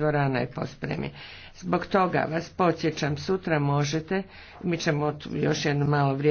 dvorana je pospremi. Zbog toga vas podsjećam, sutra možete, mi ćemo još jedno malo vrijeme